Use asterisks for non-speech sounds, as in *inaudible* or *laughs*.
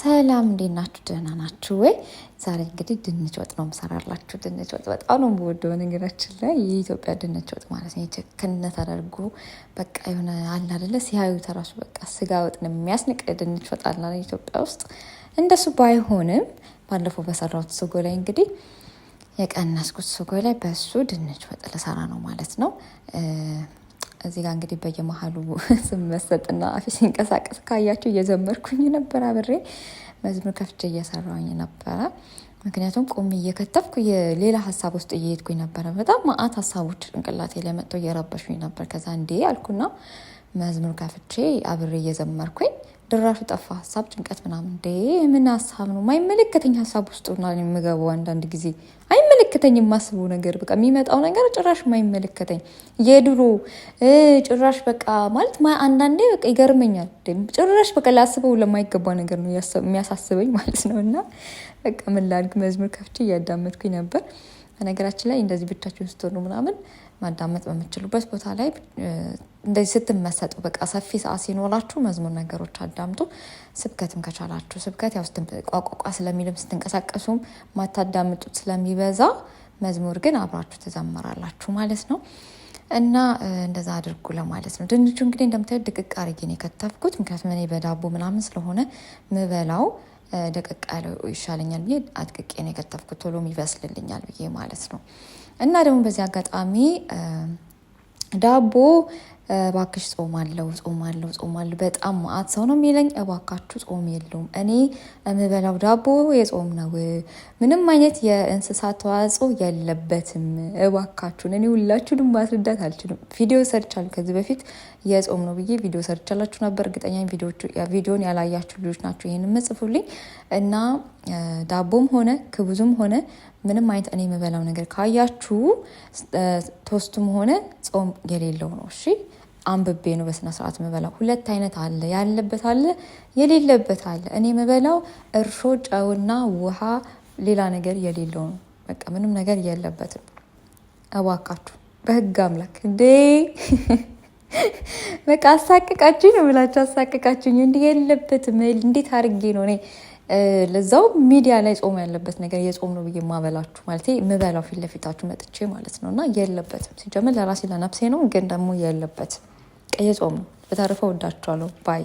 ሰላም እንዴት ናችሁ? ደህና ናችሁ ወይ? ዛሬ እንግዲህ ድንች ወጥ ነው የምሰራላችሁ። ድንች ወጥ በጣም ነው የምወደው ነገራችን ላይ የኢትዮጵያ ድንች ወጥ ማለት ነው። ችክነት አደርጎ በቃ የሆነ አለ አይደለ? ሲያዩ ተራሱ በቃ ስጋ ወጥ ነው የሚያስንቅ ድንች ወጥ አለ ኢትዮጵያ ውስጥ። እንደሱ ባይሆንም ባለፈው በሰራሁት ስጎ ላይ እንግዲህ የቀነስኩት ስጎ ላይ በሱ ድንች ወጥ ልሰራ ነው ማለት ነው። እዚህ ጋር እንግዲህ በየመሀሉ *laughs* ስመሰጥና አፌ ሲንቀሳቀስ ካያችሁ እየዘመርኩኝ ነበር። አብሬ መዝሙር ከፍቼ እየሰራሁኝ ነበረ። ምክንያቱም ቆሜ እየከተፍኩ ሌላ ሀሳብ ውስጥ እየሄድኩኝ ነበረ። በጣም ማአት ሀሳቦች ጭንቅላቴ ላይ መጥተው እየረበሹኝ ነበር። ከዛ እንዴ አልኩና መዝሙር ከፍቼ አብሬ እየዘመርኩኝ ድራሹ ጠፋ። ሀሳብ ጭንቀት ምናምን እንዴ ምን ሀሳብ ነው? ማይመለከተኝ ሀሳብ ውስጡ ና የምገባው አንዳንድ ጊዜ አይመለከ የማይመለከተኝ የማስበው ነገር በቃ የሚመጣው ነገር ጭራሽ የማይመለከተኝ የድሮ ጭራሽ በቃ ማለት አንዳንዴ በቃ ይገርመኛል። ጭራሽ በቃ ላስበው ለማይገባ ነገር ነው የሚያሳስበኝ ማለት ነው። እና በቃ ምን ላድርግ መዝሙር ከፍቼ እያዳመጥኩኝ ነበር። በነገራችን ላይ እንደዚህ ብቻችሁን ስትሆኑ ምናምን ማዳመጥ በምችሉበት ቦታ ላይ እንደዚህ ስትመሰጡ በቃ ሰፊ ሰዓት ሲኖራችሁ መዝሙር ነገሮች አዳምጡ። ስብከትም ከቻላችሁ ስብከት ያው ቋቋቋ ስለሚልም ስትንቀሳቀሱም ማታዳምጡት ስለሚበዛ መዝሙር ግን አብራችሁ ትዘምራላችሁ ማለት ነው። እና እንደዛ አድርጉ ለማለት ነው። ድንቹ እንግዲህ እንደምታዩት ድቅቅ አድርጌ ነው የከተፍኩት፣ ምክንያቱም እኔ በዳቦ ምናምን ስለሆነ ምበላው ደቀቅ ያለው ይሻለኛል ብዬ አድቅቄ ነው የከተፍኩት፣ ቶሎም ይበስልልኛል ብዬ ማለት ነው። እና ደግሞ በዚህ አጋጣሚ ዳቦ እባክሽ ጾም ጾማለሁ ጾማለሁ በጣም ማአት ሰው ነው የሚለኝ። እባካችሁ ጾም የለውም። እኔ የምበላው ዳቦ የጾም ነው፣ ምንም አይነት የእንስሳት ተዋጽኦ የለበትም። እባካችሁን እኔ ሁላችሁንም ማስረዳት አልችልም። ቪዲዮ ሰርቻለሁ ከዚህ በፊት የጾም ነው ብዬ ቪዲዮ ሰርቻላችሁ ነበር። እርግጠኛ ቪዲዮን ያላያችሁ ልጆች ናቸው ይህን መጽፉልኝ እና ዳቦም ሆነ ክብዙም ሆነ ምንም አይነት እኔ የምበላው ነገር ካያችሁ ቶስቱም ሆነ ጾም የሌለው ነው። እሺ አንብቤ ነው በስነ ስርዓት የምበላው። ሁለት አይነት አለ፣ ያለበት አለ፣ የሌለበት አለ። እኔ የምበላው እርሾ፣ ጨውና ውሃ፣ ሌላ ነገር የሌለው ነው። በቃ ምንም ነገር የለበትም። እባካችሁ በህግ አምላክ እንዴ *laughs* በቃ አሳቅቃችሁኝ ነው ብላችሁ አሳቅቃችሁኝ። እንዲህ የለበትም። እንዴት አድርጌ ነው እኔ ለዛው ሚዲያ ላይ ጾም ያለበት ነገር የጾም ነው ብዬ ማበላችሁ ማለት ምበላው ፊት ለፊታችሁ መጥቼ ማለት ነው። እና የለበትም ሲጀምር ለራሴ ለነፍሴ ነው፣ ግን ደግሞ የለበትም። ቀየጾሙ። በተረፈ ወዳችኋለሁ ባይ